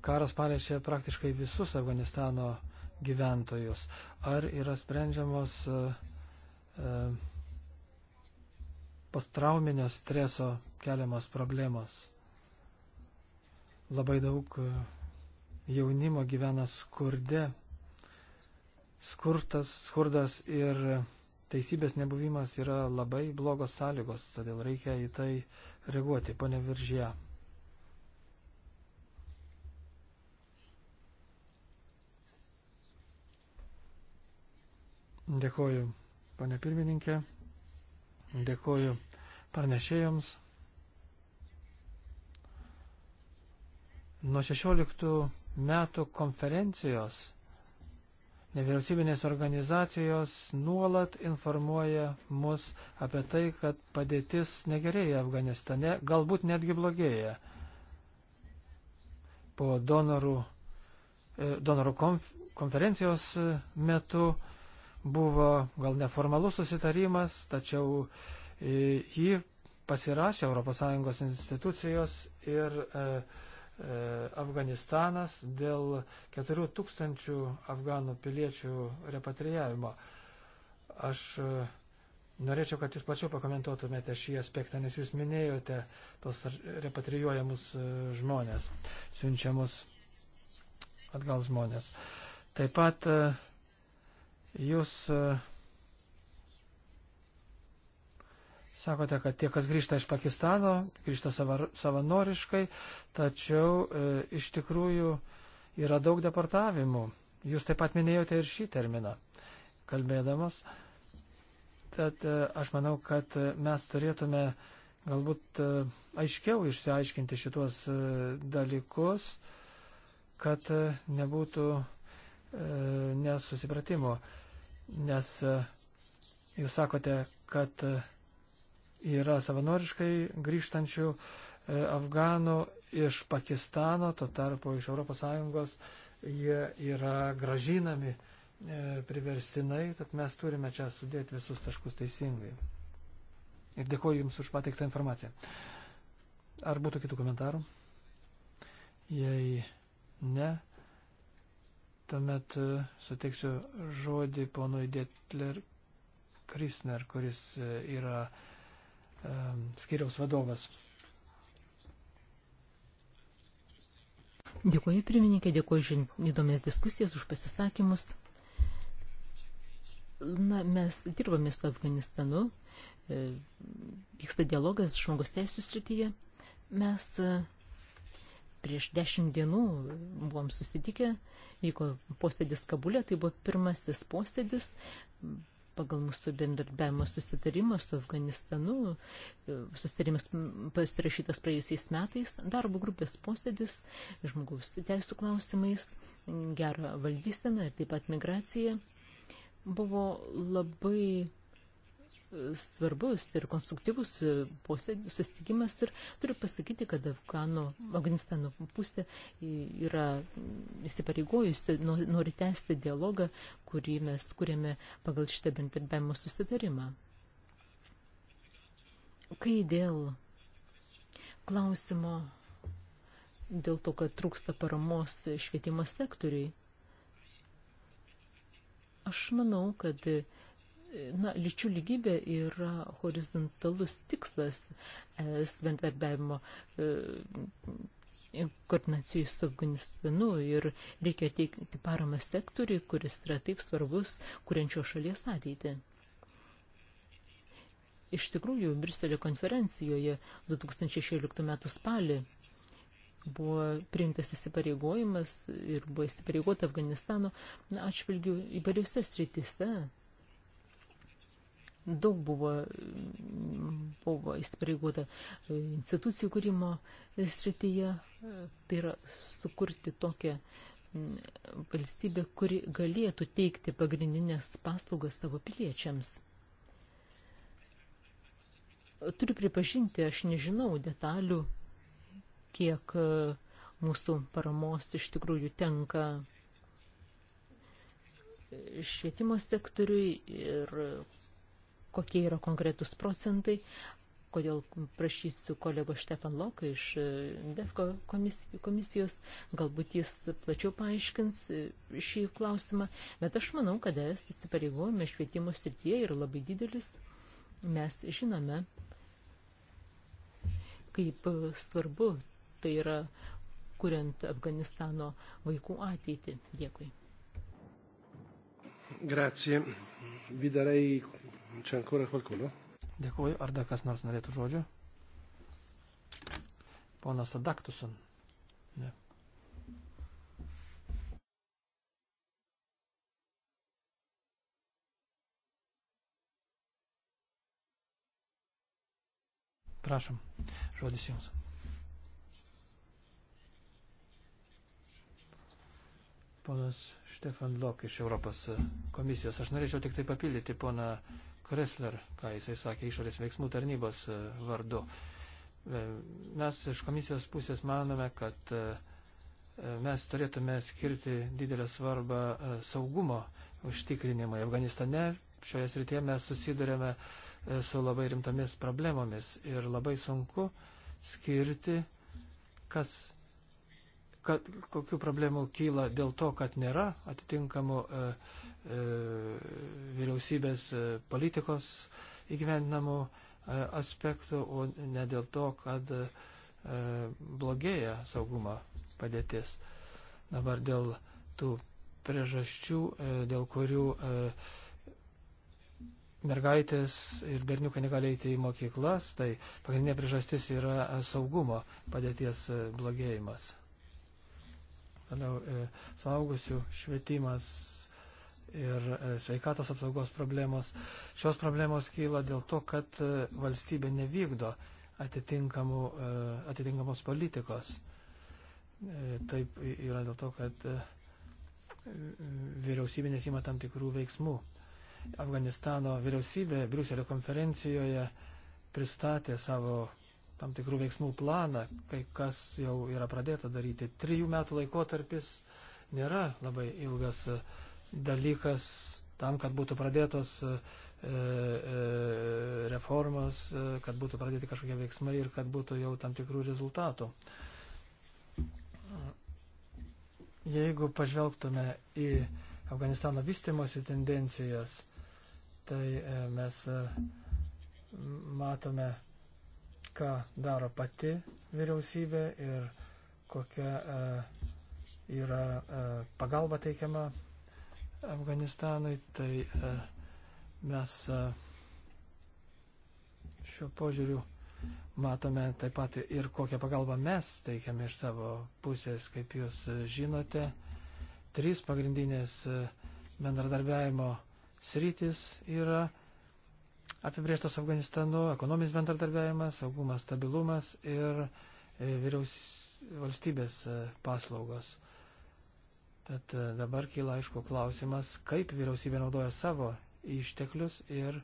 karas paliečia praktiškai visus Afganistano e, gyventojus. Ar yra sprendžiamos e, e, postrauminio streso keliamos problemos? Labai daug e, jaunimo gyvena skurde. Skurtas, skurdas ir teisybės nebuvimas yra labai blogos sąlygos, todėl reikia į tai reaguoti, ponia Viržyje. Dėkoju, ponė pirmininkė. Dėkoju pranešėjams. Nuo 16 metų konferencijos nevyriausybinės organizacijos nuolat informuoja mus apie tai, kad padėtis negerėja Afganistane, galbūt netgi blogėja. Po donorų, e, donorų konf, konferencijos metu buvo gal neformalus susitarimas, tačiau e, jį pasirašė ES institucijos ir e, e, Afganistanas dėl 4000 afganų piliečių repatrijavimo. Aš e, norėčiau, kad jūs plačiau pakomentuotumėte šį aspektą, nes jūs minėjote tos repatrijuojamus e, žmonės, siunčiamus atgal žmonės. Taip pat e, Jūs e, sakote, kad tie, kas grįžta iš Pakistano, grįžta savanoriškai, tačiau e, iš tikrųjų yra daug deportavimų. Jūs taip pat minėjote ir šį terminą, kalbėdamas. Tad e, aš manau, kad e, mes turėtume galbūt e, aiškiau išsiaiškinti šitos e, dalykus, kad e, nebūtų e, nesusipratimo. E, nes e, jūs sakote, kad e, yra savanoriškai grįžtančių e, Afganų iš Pakistano, tuo tarpu iš ES jie yra gražinami priverstinai, tad mes turime čia sudėti visus taškus teisingai. Ir dėkoju Jums už pateiktą informaciją. Ar būtų kitų komentarų? Jei ne, Tuomet e, suteiksiu žodį ponui Dietler Krisner, kuris e, yra um, e, skiriaus vadovas. Dėkuoju pirmininkė, dėkuoju įdomias diskusijas už pasisakymus. Na, mes dirbame su Afganistanu, vyksta dialogas žmogus teisų srityje. Mes uh, prieš dešimt dienų buvom susitikę, vyko posėdis Kabulė, tai buvo pirmasis posėdis pagal mūsų bendradarbiavimo susitarimą su Afganistanu, susitarimas pasirašytas praėjusiais metais, darbo grupės posėdis, žmogaus teisų klausimais, gera valdysena ir taip pat migracija buvo labai svarbus ir konstruktyvus susitikimas ir turiu pasakyti, kad Afgano, Afganistano pusė yra įsipareigojusi, nori tęsti dialogą, kurį mes kūrėme pagal šitą bendradarbiavimo susitarimą. Kai dėl klausimo, dėl to, kad trūksta paramos švietimo sektoriai, aš manau, kad na, lyčių lygybė yra horizontalus tikslas bendradarbiavimo e, e, koordinacijai su Afganistanu ir reikia teikti paramą sektoriui, kuris yra taip svarbus kuriančio šalies ateitį. Iš tikrųjų, Briselio konferencijoje 2016 m. spalį buvo priimtas įsipareigojimas ir buvo įsipareigota Afganistano atšvilgių įvairiuose srityse, daug buvo, buvo įsipareigota institucijų kūrimo srityje, tai yra sukurti tokią valstybę, kuri galėtų teikti pagrindinės paslaugas savo piliečiams. Turiu pripažinti, aš nežinau detalių, kiek mūsų paramos iš tikrųjų tenka švietimo sektoriui ir kokie yra konkretus procentai, kodėl prašysiu kolego Štefan Loką iš e, DEFCO komisijos, galbūt jis plačiau paaiškins e, šį klausimą, bet aš manau, kad es įsipareigojame švietimo srityje yra labai didelis. Mes žinome, kaip svarbu tai yra, kuriant Afganistano vaikų ateitį. Dėkui. Grazie. Vi darei Čia ancora qualcuno? Nu. Dėkuoju. Ar dar kas nors norėtų žodžio? Ponas Adaktuson. Ne. Prašom, žodis jums. Ponas Štefan Lok iš Europos komisijos. Aš norėčiau tik tai papildyti poną Kresler, ką jisai sakė išorės veiksmų tarnybos e, vardu. E, mes iš komisijos pusės manome, kad e, mes turėtume skirti didelę svarbą saugumo užtikrinimui. Afganistane šioje srityje mes susidurėme su labai rimtomis problemomis ir labai sunku skirti, kas kad, kokių problemų kyla dėl to, kad nėra atitinkamų e, e, vyriausybės e, politikos įgyvendinamų e, aspektų, o ne dėl to, kad e, blogėja saugumo padėtis. Dabar dėl tų priežasčių, e, dėl kurių e, mergaitės ir berniukai negali eiti į mokyklas, tai pagrindinė priežastis yra saugumo padėties e, blogėjimas toliau e, suaugusių švietimas ir e, sveikatos apsaugos problemos. Šios problemos kyla dėl to, kad e, valstybė nevykdo atitinkamos politikos. Taip yra dėl to, kad vyriausybė nesima tam tikrų veiksmų. Afganistano vyriausybė Briuselio konferencijoje pristatė savo tam tikrų veiksmų planą, kai kas jau yra pradėta daryti. Trijų metų laikotarpis nėra labai ilgas dalykas tam, kad būtų pradėtos e, e, reformos, e, kad būtų pradėti kažkokie veiksmai ir kad būtų jau tam tikrų rezultatų. Jeigu pažvelgtume į Afganistano vystimosi tendencijas, tai mes matome ką daro pati vyriausybė ir kokia e, yra e, pagalba teikiama Afganistanui, tai e, mes e, šiuo požiūriu matome taip pat ir kokią pagalbą mes teikiame iš savo pusės, kaip jūs žinote. Trys pagrindinės e, bendradarbiavimo sritis yra apibrieštos Afganistanu, ekonominis bendradarbiavimas, saugumas, stabilumas ir e, vyriaus valstybės e, paslaugos. Tad e, dabar kyla aišku klausimas, kaip vyriausybė naudoja savo išteklius ir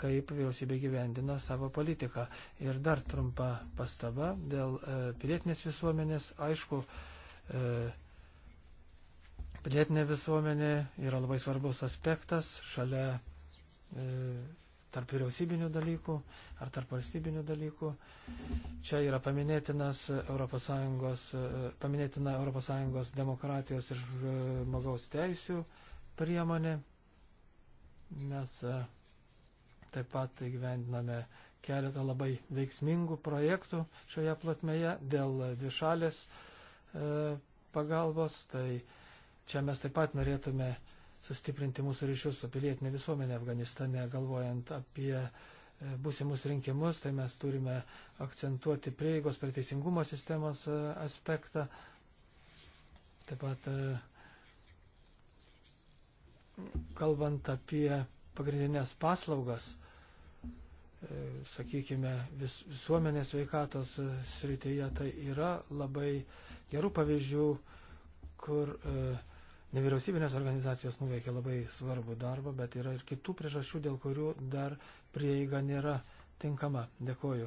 kaip vyriausybė gyvendina savo politiką. Ir dar trumpa pastaba dėl e, pilietinės visuomenės. Aišku, e, pilietinė visuomenė yra labai svarbus aspektas šalia e, tarp vyriausybinių dalykų ar tarp valstybinių dalykų. Čia yra paminėtinas ES, paminėtina ES demokratijos ir žmogaus teisių priemonė. Mes e, taip pat įgyvendiname keletą labai veiksmingų projektų šioje platmeje dėl dvišalės e, pagalbos. Tai čia mes taip pat norėtume sustiprinti mūsų ryšius su pilietinė visuomenė Afganistane, galvojant apie e, būsimus rinkimus, tai mes turime akcentuoti prieigos prie teisingumo sistemos e, aspektą. Taip pat e, kalbant apie pagrindinės paslaugas, sakykime, vis, visuomenės veikatos srityje, tai yra labai gerų pavyzdžių, kur uh, Nevyriausybinės organizacijos nuveikia labai svarbu darbą, bet yra ir kitų priežasčių, dėl kurių dar prieiga nėra tinkama. Dėkoju.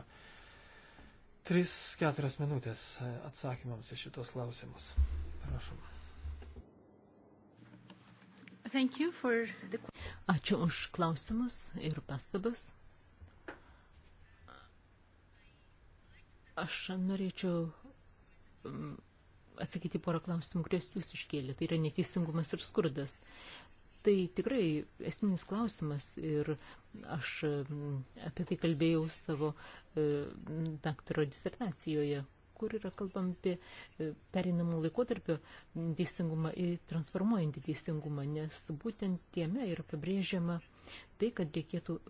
3-4 minutės atsakymams į šitos klausimus. Prašom. The... Ačiū už klausimus ir pastabas. Aš norėčiau mm, atsakyti porą klausimų, kuriuos jūs iškėlė. Tai yra neteisingumas ir skurdas. Tai tikrai esminis klausimas ir aš mm, apie tai kalbėjau savo e, daktaro disertacijoje, kur yra kalbam apie e, perinamų laikotarpio teisingumą į transformuojantį teisingumą, nes būtent tieme yra pabrėžiama tai, kad reikėtų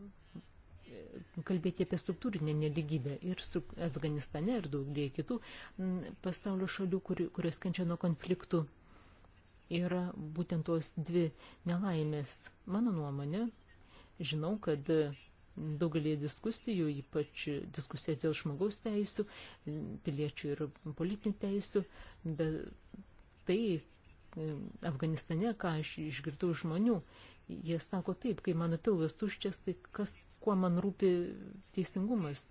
kalbėti apie struktūrinę neligybę ir Afganistane ir daugelį kitų pasaulio šalių, kur, kurios kenčia nuo konfliktų, yra būtent tos dvi nelaimės. Mano nuomonė, žinau, kad e, daugelį diskusijų, ypač diskusija dėl žmogaus teisų, piliečių ir politinių teisų, bet tai e, Afganistane, ką aš išgirdau žmonių, jie sako taip, kai mano pilvas tuščias, tai kas kuo man rūpi teisingumas.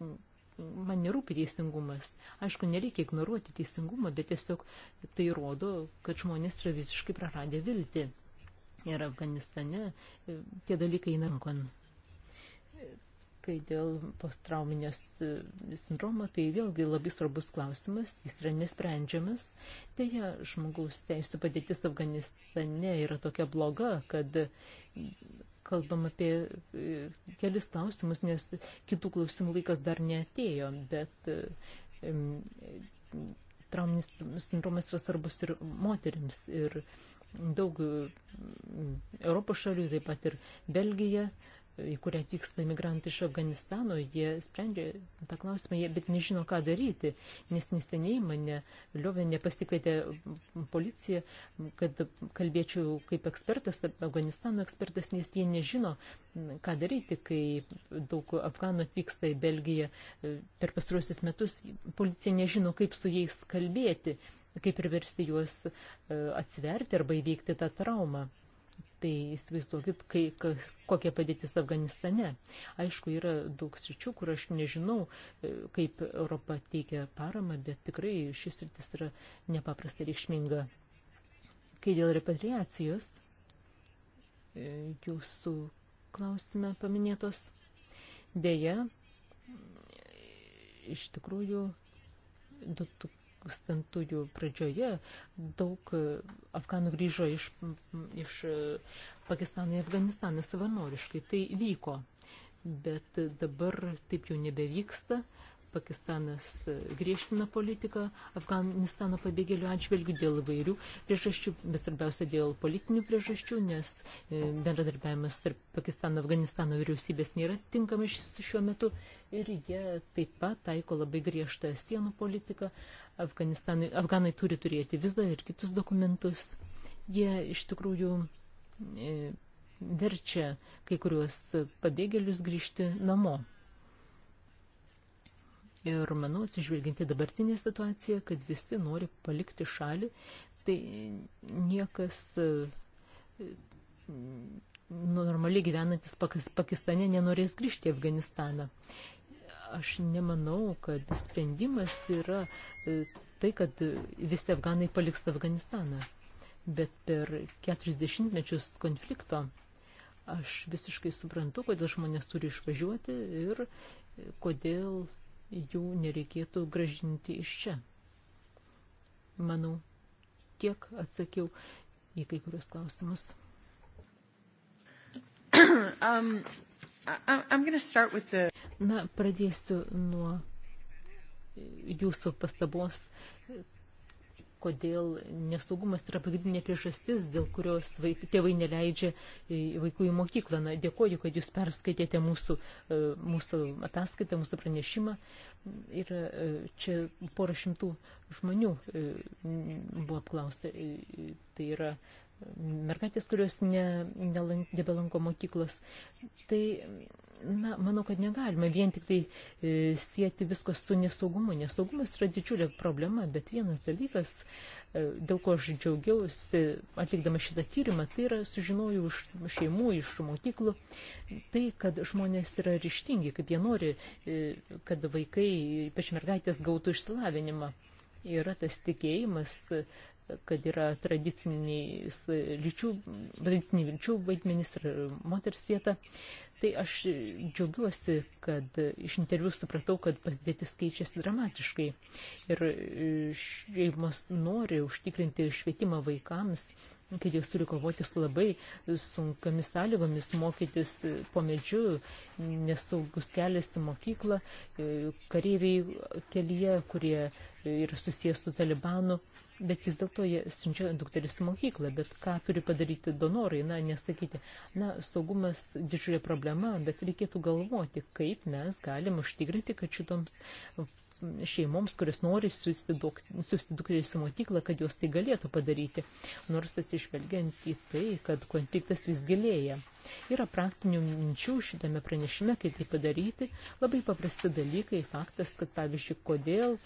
Man nerūpi teisingumas. Aišku, nereikia ignoruoti teisingumą, bet tiesiog tai rodo, kad žmonės yra visiškai praradę viltį. Ir Afganistane e, tie dalykai eina rankon. Kai dėl postrauminės e, sindromo, tai vėlgi labai svarbus klausimas, jis yra nesprendžiamas. Deja, žmogaus teisų padėtis Afganistane yra tokia bloga, kad kalbam apie e, kelis klausimus, nes kitų klausimų laikas dar neatėjo, bet e, trauminis sindromas yra svarbus ir moterims. Ir daug Europos šalių, taip pat ir Belgija, į kurią atvyksta imigrantai iš Afganistano, jie sprendžia tą klausimą, jie bet nežino, ką daryti, nes neseniai mane Liovė nepasikvietė policija, kad kalbėčiau kaip ekspertas, Afganistano ekspertas, nes jie nežino, ką daryti, kai daug Afganų atvyksta į Belgiją e, per pastruosius metus, policija nežino, kaip su jais kalbėti, kaip priversti juos e, atsiverti arba įveikti tą traumą. Tai įsivaizduokit, kai, ka, kokia padėtis Afganistane. Aišku, yra daug sričių, kur aš nežinau, e, kaip Europa teikia paramą, bet tikrai šis sritis yra nepaprastai reikšminga. Kai dėl repatriacijos, e, jūsų klausime paminėtos, dėja, iš tikrųjų, 2000 2000-ųjų pradžioje daug e, afganų grįžo iš, iš e, Pakistano į Afganistaną savanoriškai. Tai vyko, bet dabar taip jau nebevyksta Pakistanas e, griežtina politiką Afganistano pabėgėlių atžvilgių dėl vairių priežasčių, bet svarbiausia dėl politinių priežasčių, nes e, bendradarbiavimas tarp Pakistano Afganistano vyriausybės nėra tinkamas šiuo metu ir jie taip pat taiko labai griežtą sienų politiką. Afganistanai, Afganai turi turėti vizą ir kitus dokumentus. Jie iš tikrųjų e, verčia kai kuriuos pabėgėlius grįžti namo. Ir manau, atsižvelginti dabartinį situaciją, kad visi nori palikti šalį, tai niekas nu, normaliai gyvenantis Pakistane nenorės grįžti į Afganistaną. Aš nemanau, kad sprendimas yra e, tai, kad visi afganai paliks Afganistaną. Bet per 40 mečius konflikto aš visiškai suprantu, kodėl žmonės turi išvažiuoti ir kodėl jų nereikėtų gražinti iš čia. Manau, tiek atsakiau į kai kurios klausimus. um, I, the... Na, pradėsiu nuo jūsų pastabos, kodėl nesaugumas yra pagrindinė priežastis, dėl kurios vaik, tėvai neleidžia vaikų į mokyklą. Na, dėkoju, kad jūs perskaitėte mūsų, e, mūsų ataskaitą, mūsų pranešimą. Ir e, čia pora šimtų žmonių e, buvo apklausta. Tai yra mergaitės, kurios ne, nebelanko mokyklos. Tai, na, manau, kad negalima vien tik tai e, sieti visko su nesaugumu. Nesaugumas yra didžiulė problema, bet vienas dalykas, e, dėl ko aš džiaugiausi atlikdama šitą tyrimą, tai yra sužinojau iš šeimų, iš mokyklų, tai, kad žmonės yra ryštingi, kaip jie nori, e, kad vaikai, ypač mergaitės, gautų išsilavinimą. E, yra tas tikėjimas, kad yra tradiciniais lyčių, tradiciniai lyčių vaidmenys ir moters vieta. Tai aš džiaugiuosi, kad iš interviu supratau, kad pasidėtis keičiasi dramatiškai ir šeimos nori užtikrinti švietimą vaikams, kad jie turi kovoti su labai sunkamis sąlygomis, mokytis po medžiu, nesaugus kelias į mokyklą, kareiviai kelyje, kurie yra susijęs su talibanu, bet vis dėlto jie siunčia dukteris į mokyklą. Bet ką turi padaryti donorai? Na, nesakyti, na, saugumas didžiulė problema, bet reikėtų galvoti, kaip mes galim užtikrinti, kad šitoms šeimoms, kuris nori siūsti dukteris į mokyklą, kad jos tai galėtų padaryti, nors atsižvelgiant į tai, kad konfliktas vis gilėja. Yra praktinių minčių šitame pranešime, kaip tai padaryti, labai paprasti dalykai, faktas, kad pavyzdžiui, kodėl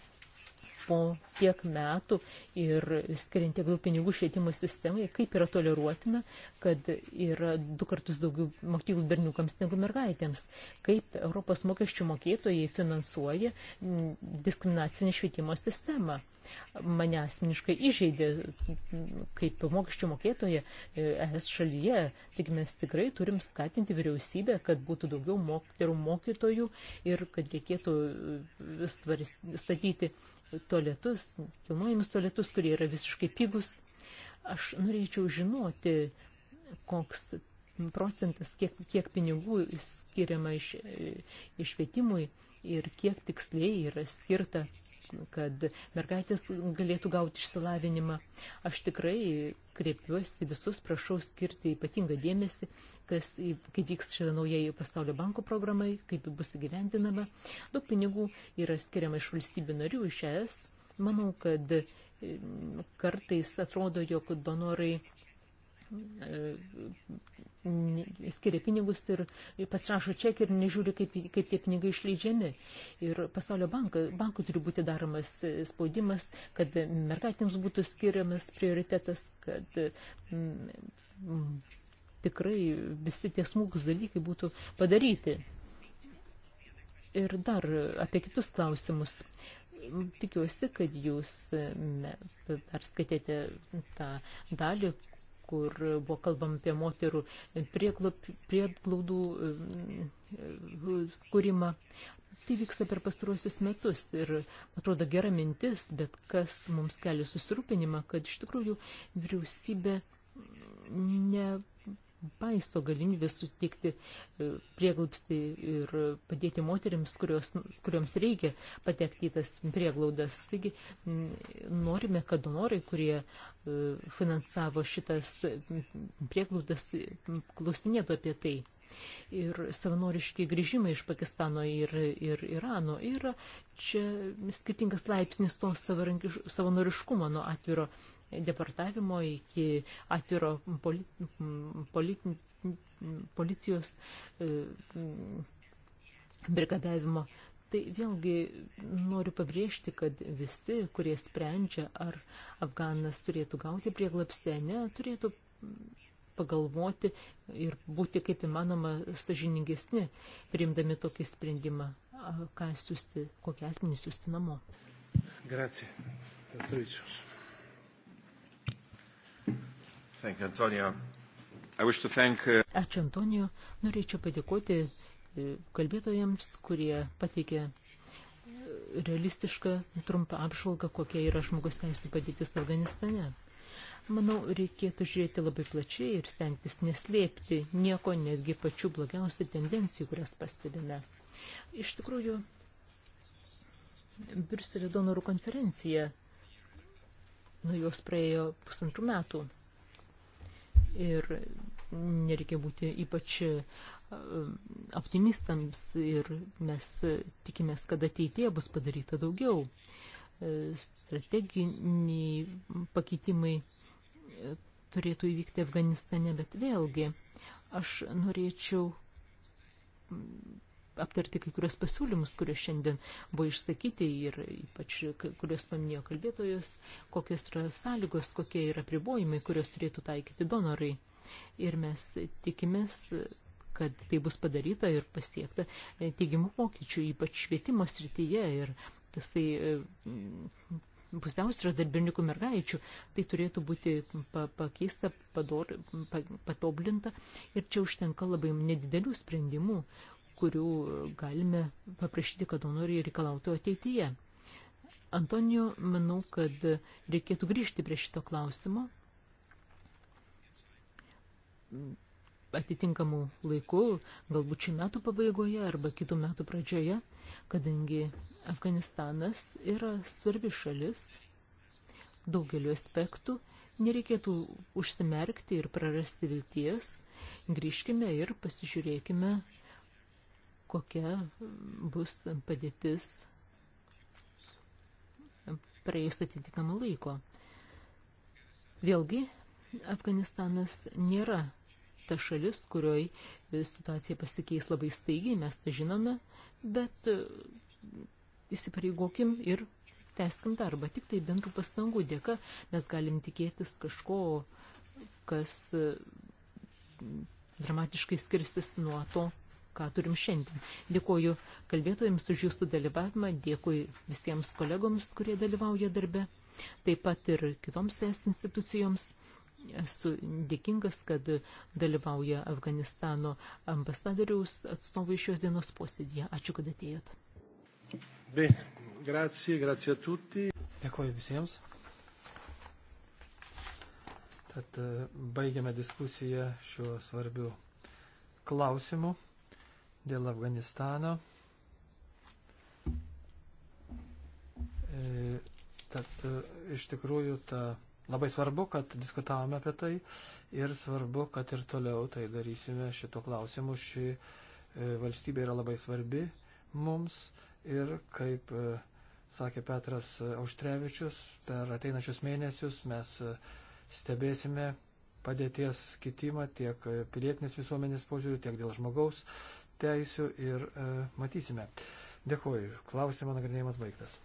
po tiek metų ir skiriant tiek daug pinigų švietimo sistemai, kaip yra toleruotina, kad yra du kartus daugiau mokyklų berniukams negu mergaitėms, kaip Europos mokesčių mokėtojai finansuoja mm, diskriminacinę švietimo sistemą. Mane asmeniškai įžeidė kaip mokesčių mokėtoje ES šalyje, tik mes tikrai turim skatinti vyriausybę, kad būtų daugiau moterų mokytojų ir kad reikėtų e, svarst, statyti tualetus, kilnojimus tualetus, kurie yra visiškai pigus. Aš norėčiau žinoti, koks procentas, kiek, kiek pinigų skiriama iš, išvietimui ir kiek tiksliai yra skirta kad mergaitės galėtų gauti išsilavinimą. Aš tikrai kreipiuosi visus, prašau skirti ypatingą dėmesį, kas, kaip vyks šita nauja pasaulio banko programai, kaip bus įgyvendinama. Daug pinigų yra skiriama iš valstybių narių, iš ES. Manau, kad e, kartais atrodo, jog donorai E, skiria pinigus ir pasirašo čekį ir nežiūri, kaip, kaip tie pinigai išleidžiami. Ir pasaulio banko, banko turi būti daromas spaudimas, kad mergaitėms būtų skiriamas prioritetas, kad m, mm, tikrai visi tie smūgus dalykai būtų padaryti. Ir dar apie kitus klausimus tikiuosi, kad jūs perskaitėte tą dalį, kur buvo kalbam apie moterų prieglaudų e, e, kūrimą. Tai vyksta per pastaruosius metus ir atrodo gera mintis, bet kas mums kelia susirūpinimą, kad iš tikrųjų vyriausybė ne paisto galimybės sutikti e, prieglobstį ir padėti moteriams, kurios, kuriuoms reikia patekti į tas prieglaudas. Taigi norime, kad donorai, kurie e, finansavo šitas prieglaudas, klausinėtų apie tai. Ir savanoriški grįžimai iš Pakistano ir, ir Irano yra čia skirtingas laipsnis to savanoriškumo nuo atviro deportavimo iki atviro poli, poli, policijos e, brigadiavimo. Tai vėlgi noriu pabrėžti, kad visi, kurie sprendžia, ar Afganas turėtų gauti prieglapstę, ne, turėtų pagalvoti ir būti kaip įmanoma sažiningesni, priimdami tokį sprendimą, ką siūsti, kokią asmenį siūsti namo. Grazie. Petruičius. Thank you, Antonio. I wish to thank... Uh, Ačiū, Antonijų. Norėčiau padėkoti e, kalbėtojams, kurie pateikė e, realistišką trumpą apžvalgą, kokia yra žmogus teisų padėtis Afganistane. Manau, reikėtų žiūrėti labai plačiai ir stengtis neslėpti nieko, netgi pačių blogiausių tendencijų, kurias pastebime. Iš tikrųjų, Briuselio donorų konferencija, nuo jos praėjo pusantrų metų. Ir nereikia būti ypač e, optimistams ir mes tikimės, kad ateityje bus padaryta daugiau. E, strateginiai pakeitimai e, turėtų įvykti Afganistane, bet vėlgi aš norėčiau aptarti kai kurios pasiūlymus, kurie šiandien buvo išsakyti ir ypač kurios paminėjo kalbėtojus, kokios yra sąlygos, kokie yra pribojimai, kurios turėtų taikyti donorai. Ir mes tikimės kad tai bus padaryta ir pasiekta teigiamų pokyčių, ypač švietimo srityje ir tas tai mm, pusiausvyrą darbininkų mergaičių, tai turėtų būti pa pakeista, pador, pa patoblinta ir čia užtenka labai nedidelių sprendimų, kurių galime paprašyti, kad donoriai reikalautų ateityje. Antonijų, manau, kad reikėtų grįžti prie šito klausimo atitinkamų laikų, galbūt šių metų pabaigoje arba kitų metų pradžioje, kadangi Afganistanas yra svarbi šalis daugeliu aspektų, nereikėtų užsimerkti ir prarasti vilties, grįžkime ir pasižiūrėkime kokia bus padėtis praėjus atitinkamą laiko. Vėlgi, Afganistanas nėra ta šalis, kurioj situacija pasikeis labai staigiai, mes tai žinome, bet e, įsipareigokim ir teskim darbą. Tik tai bendrų pastangų dėka mes galim tikėtis kažko, kas e, dramatiškai skirsis nuo to, ką turim šiandien. Dėkuoju kalbėtojams už jūsų dalyvavimą, dėkui visiems kolegoms, kurie dalyvauja darbe, taip pat ir kitoms es institucijoms. Esu dėkingas, kad dalyvauja Afganistano ambasadoriaus atstovai šios dienos posėdėje. Ačiū, kad atėjot. Be, grazie, grazie a tutti. Dėkuoju visiems. Tad e, baigiame diskusiją šiuo svarbiu klausimu dėl Afganistano. E, tad e, iš tikrųjų ta, labai svarbu, kad diskutavome apie tai ir svarbu, kad ir toliau tai darysime šito klausimu. Ši e, valstybė yra labai svarbi mums ir kaip sakė Petras Auštrevičius, per ateinančius mėnesius mes stebėsime padėties kitimą tiek pilietinės visuomenės požiūrių, tiek dėl žmogaus teisių ir e, matysime. Dėkuoju. Klausimo nagrinėjimas baigtas.